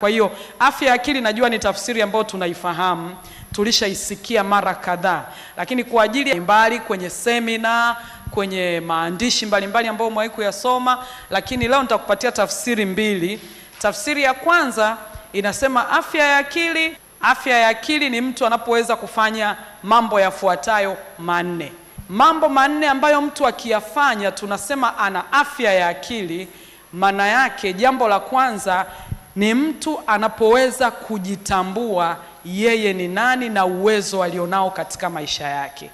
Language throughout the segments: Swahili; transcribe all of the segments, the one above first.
Kwa hiyo afya ya akili najua ni tafsiri ambayo tunaifahamu, tulishaisikia mara kadhaa, lakini kwa ajili mbali kwenye semina, kwenye maandishi mbalimbali ambayo umewahi kuyasoma, lakini leo nitakupatia tafsiri mbili. Tafsiri ya kwanza inasema afya ya akili, afya ya akili ni mtu anapoweza kufanya mambo yafuatayo manne. Mambo manne ambayo mtu akiyafanya tunasema ana afya ya akili. Maana yake jambo la kwanza ni mtu anapoweza kujitambua yeye ni nani na uwezo alionao katika maisha yake.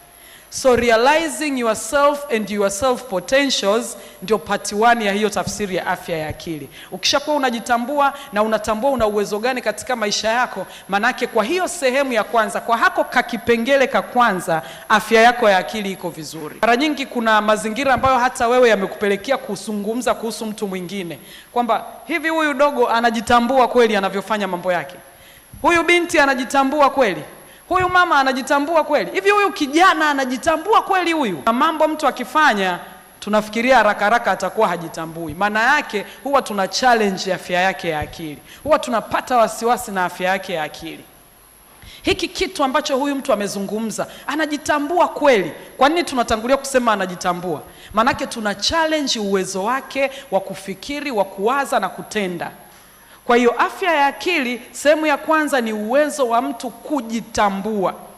So realizing yourself and your self potentials ndio part 1 ya hiyo tafsiri ya afya ya akili. Ukishakuwa unajitambua na unatambua una uwezo gani katika maisha yako, manake kwa hiyo sehemu ya kwanza, kwa hako kakipengele ka kwanza, afya yako ya akili iko vizuri. Mara nyingi kuna mazingira ambayo hata wewe yamekupelekea kuzungumza kuhusu mtu mwingine kwamba hivi, huyu dogo anajitambua kweli anavyofanya mambo yake? Huyu binti anajitambua kweli Huyu mama anajitambua kweli? Hivi huyu kijana anajitambua kweli huyu? Na mambo mtu akifanya tunafikiria haraka haraka atakuwa hajitambui. Maana yake huwa tuna challenge afya yake ya akili, huwa tunapata wasiwasi na afya yake ya akili. Hiki kitu ambacho huyu mtu amezungumza, anajitambua kweli? Kwa nini tunatangulia kusema anajitambua? Maanake tuna challenge uwezo wake wa kufikiri, wa kuwaza na kutenda. Kwa hiyo afya ya akili, sehemu ya kwanza ni uwezo wa mtu kujitambua.